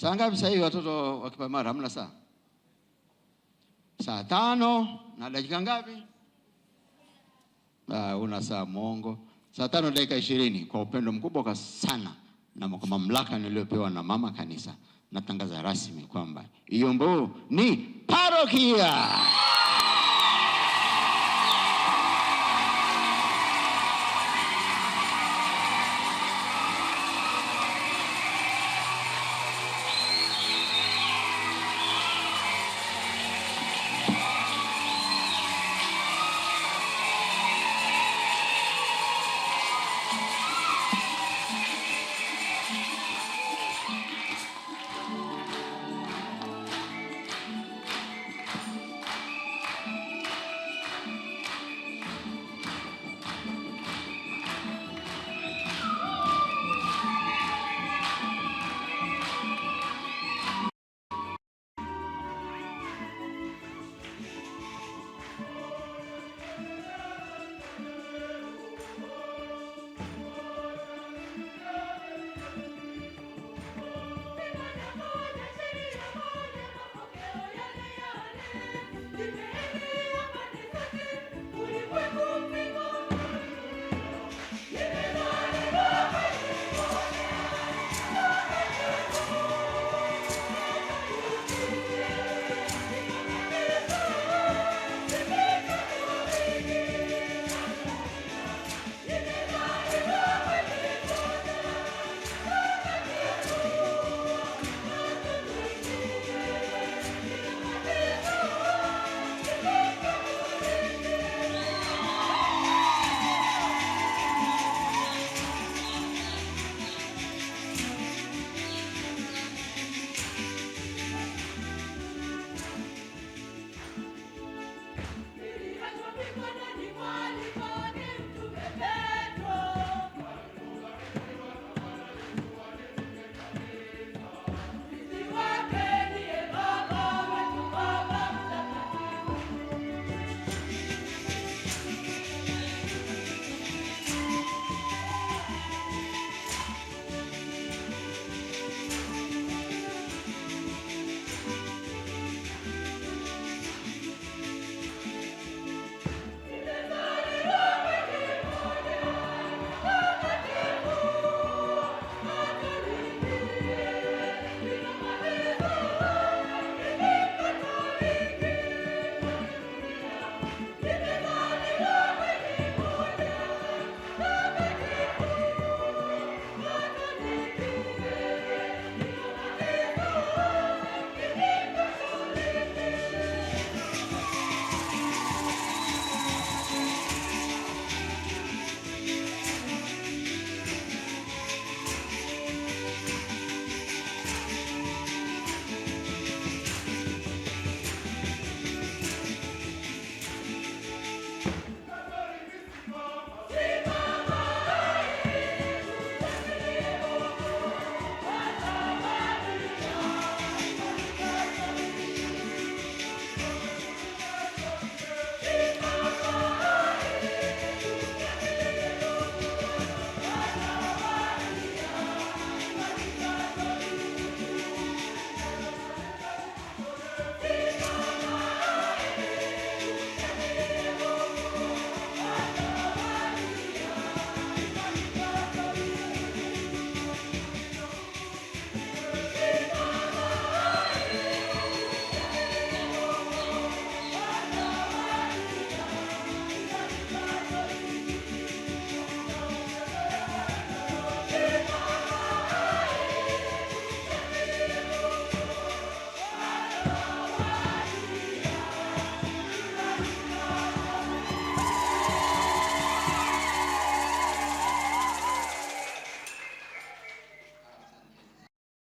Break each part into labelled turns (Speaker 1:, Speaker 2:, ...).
Speaker 1: Saa ngapi sasa hivi watoto wa kipamara Hamna saa. Saa tano na dakika ngapi? Ah, una saa mongo. Saa tano dakika ishirini. Kwa upendo mkubwa kwa sana na kwa mamlaka niliyopewa na mama kanisa, natangaza rasmi kwamba Iyombo ni parokia.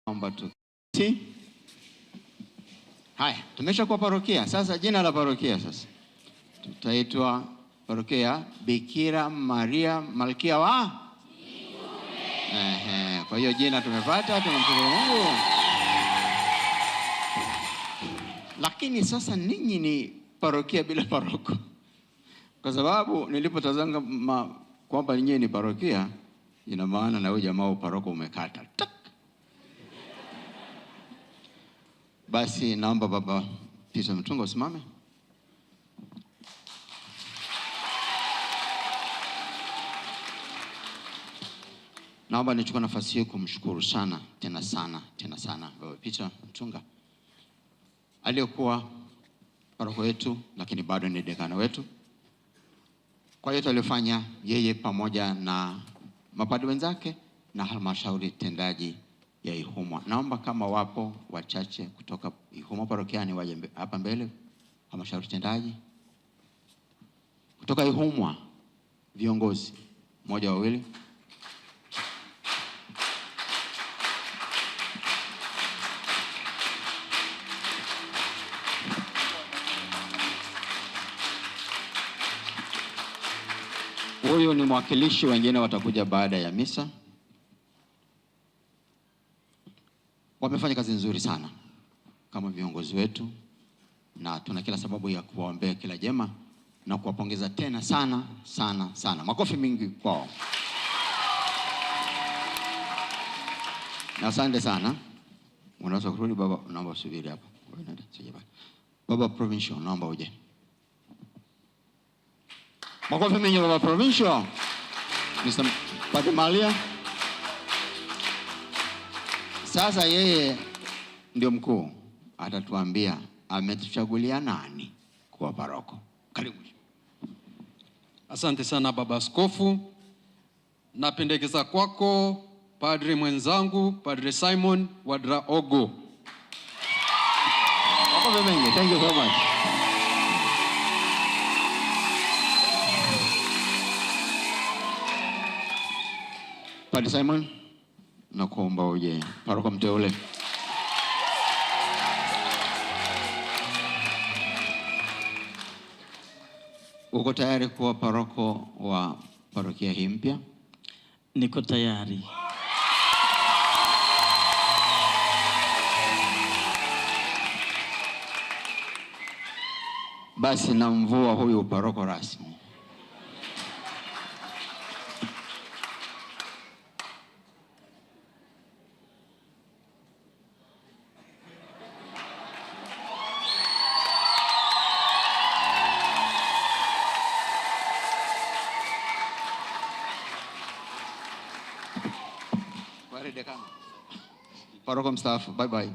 Speaker 1: Naomba tuketi. Haya, tumeshakuwa parokia. Sasa jina la parokia sasa tutaitwa parokia Bikira Maria Malkia wa Ehe, kwa hiyo jina tumepata, tunamshukuru Mungu. Lakini sasa ninyi ni parokia bila paroko, kwa sababu nilipotazama kwamba ninyi ni parokia, ina maana na wewe jamaa uparoko umekata. tuk. Basi naomba Baba Peter Mtunga usimame. Naomba nichukue nafasi hii kumshukuru sana tena sana tena sana Baba Peter Mtunga aliyekuwa paroko wetu, lakini bado ni dekana wetu, kwa yote aliyofanya yeye pamoja na mapadri wenzake na halmashauri tendaji ya Ihumwa. Naomba kama wapo wachache kutoka Ihumwa parokiani waje hapa mbele, halmashauri tendaji kutoka Ihumwa, viongozi mmoja wawili. Huyu ni mwakilishi, wengine watakuja baada ya misa. wamefanya kazi nzuri sana kama viongozi wetu, na tuna kila sababu ya kuwaombea kila jema na kuwapongeza tena sana sana sana. Makofi mingi kwao na asante sana. Unaweza kurudi baba, naomba usubiri hapa. Baba Provincial, naomba uje. Makofi mingi baba Provincial. Mr. Padre Malia. Sasa yeye ndio mkuu, atatuambia ametuchagulia nani kuwa paroko. Karibu. Asante sana baba askofu, napendekeza kwako padri mwenzangu, Padre Simon Wadraogo. Thank you so much. Padre Simon na kuomba uje. Paroko mteule, uko tayari kuwa paroko wa parokia hii mpya?
Speaker 2: Niko tayari.
Speaker 1: Basi na mvua huyu paroko rasmi. Habari Paroko mstaafu. Bye bye.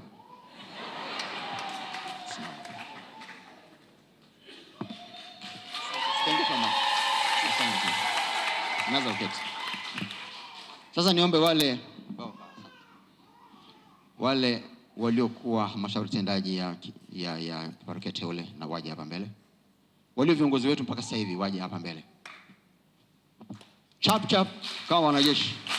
Speaker 1: Sasa niombe wale wale waliokuwa halmashauri tendaji ya, ya, ya parokia teule na waje hapa mbele, walio viongozi wetu mpaka sasa hivi waje hapa mbele chap chap kama wanajeshi.